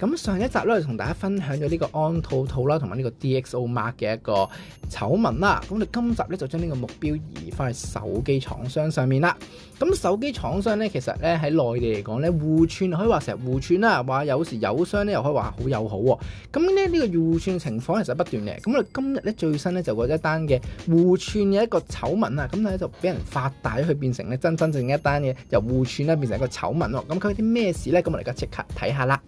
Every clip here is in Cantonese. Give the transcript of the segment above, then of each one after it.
咁上一集咧，就同大家分享咗呢個安兔兔啦，同埋呢個 DXO Mark 嘅一個醜聞啦。咁我哋今集咧就將呢個目標移翻去手機廠商上面啦。咁手機廠商咧，其實咧喺內地嚟講咧，互串可以話成日互串啦。話有時友商咧又可以話好友好喎、哦。咁咧呢、呢個互串情況其實不斷嘅。咁我哋今日咧最新咧就嗰一單嘅互串嘅一個醜聞啊，咁咧就俾人發大去佢變成咧真真正一單嘅由互串啦變成一個醜聞喎。咁佢有啲咩事咧？咁我哋而家即刻睇下啦。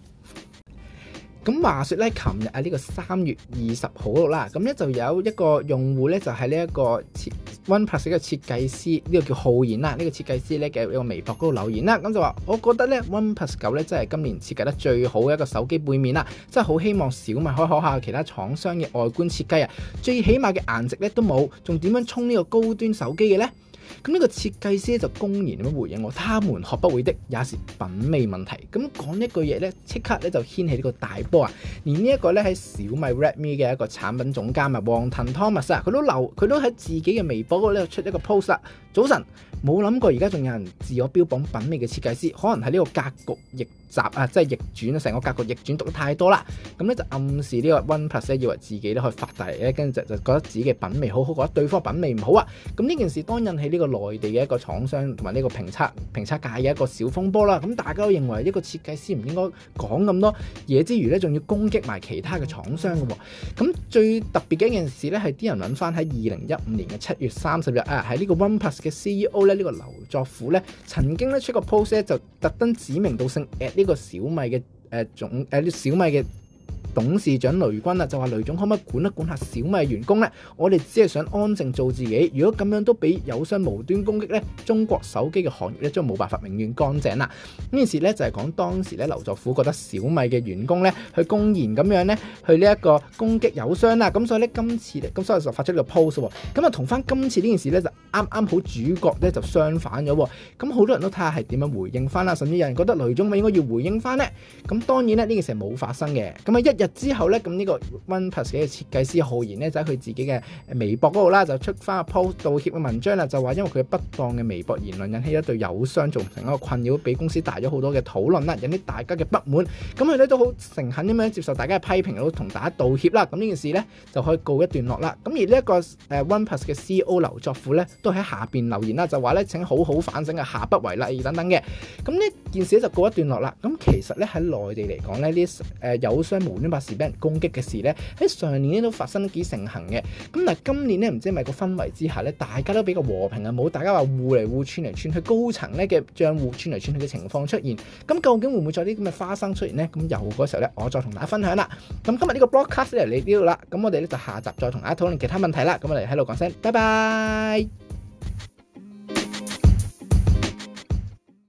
咁話說咧，琴日啊呢個三月二十號啦，咁咧就有一個用戶咧，就係呢一個 OnePlus 嘅設計師，呢個叫浩然啦，呢個設計師咧嘅一個微博嗰度留言啦，咁就話：我覺得咧 OnePlus 九咧真係今年設計得最好嘅一個手機背面啦，真係好希望小米可以學下其他廠商嘅外觀設計啊，最起碼嘅顏值咧都冇，仲點樣充呢個高端手機嘅呢？咁、這、呢個設計師咧就公然咁樣回應我，他們學不會的也是品味問題。咁講一句嘢咧，即刻咧就掀起呢個大波啊！連呢一個咧係小米 Redmi 嘅一個產品總監啊，王騰 Thomas 啊，佢都留佢都喺自己嘅微博度出一個 post 啦。早晨冇諗過而家仲有人自我標榜品味嘅設計師，可能喺呢個格局逆襲啊，即係逆轉啊，成個格局逆轉讀得太多啦。咁咧就暗示呢個 OnePlus 以為自己都可以發達嚟，跟住就就覺得自己嘅品味好好，覺得對方品味唔好啊。咁呢件事當引起呢、這個。個內地嘅一個廠商同埋呢個評測評測界嘅一個小風波啦，咁大家都認為一個設計師唔應該講咁多嘢之餘咧，仲要攻擊埋其他嘅廠商嘅喎。咁最特別嘅一件事咧，係啲人諗返喺二零一五年嘅七月三十日啊，喺呢個 OnePlus 嘅 CEO 咧，呢個劉作虎咧，曾經咧出個 post 咧，就特登指名道姓 at 呢個小米嘅誒總誒小米嘅。董事長雷軍啊，就話雷總可唔可以管一管下小米的員工呢？我哋只係想安靜做自己。如果咁樣都俾友商無端攻擊呢，中國手機嘅行業咧將冇辦法永遠乾淨啦。呢件事呢，就係講當時呢，劉作虎覺得小米嘅員工呢，去公然咁樣呢，去呢一個攻擊友商啦。咁所以呢，今次咧咁所以就發出呢個 post 喎。咁啊同翻今次呢件事呢。就。啱啱好主角咧就相反咗喎，咁好多人都睇下係點樣回應翻啦，甚至有人覺得雷忠敏應該要回應翻呢。咁當然咧呢件事冇發生嘅，咁啊一日之後呢，咁呢個 OnePlus 嘅設計師浩然呢，就喺佢自己嘅微博嗰度啦，就出翻 post 道歉嘅文章啦，就話因為佢嘅不當嘅微博言論引起一對友商造成一個困擾，俾公司大咗好多嘅討論啦，引起大家嘅不滿。咁佢咧都好誠懇咁樣接受大家嘅批評，同大家道歉啦。咁呢件事呢，就可以告一段落啦。咁而呢一個 OnePlus 嘅 CEO 劉作虎呢。都喺下面留言啦，就話咧請好好反省，下不為例等等嘅。咁呢件事就告一段落啦。咁其實咧喺內地嚟講咧，呢啲、呃、有傷無端百事俾人攻擊嘅事咧，喺上年都發生得幾盛行嘅。咁嗱，今年咧唔知係咪個氛圍之下咧，大家都比較和平啊，冇大家話互嚟互串嚟串去高層呢，高層咧嘅帳戶串嚟串去嘅情況出現。咁究竟會唔會再啲咁嘅花生出現呢？咁有嗰時候咧，我再同大家分享啦。咁今日呢個 broadcast 咧嚟到呢度啦，咁我哋咧就下集再同大家討論其他問題啦。咁我哋喺度講聲，拜拜。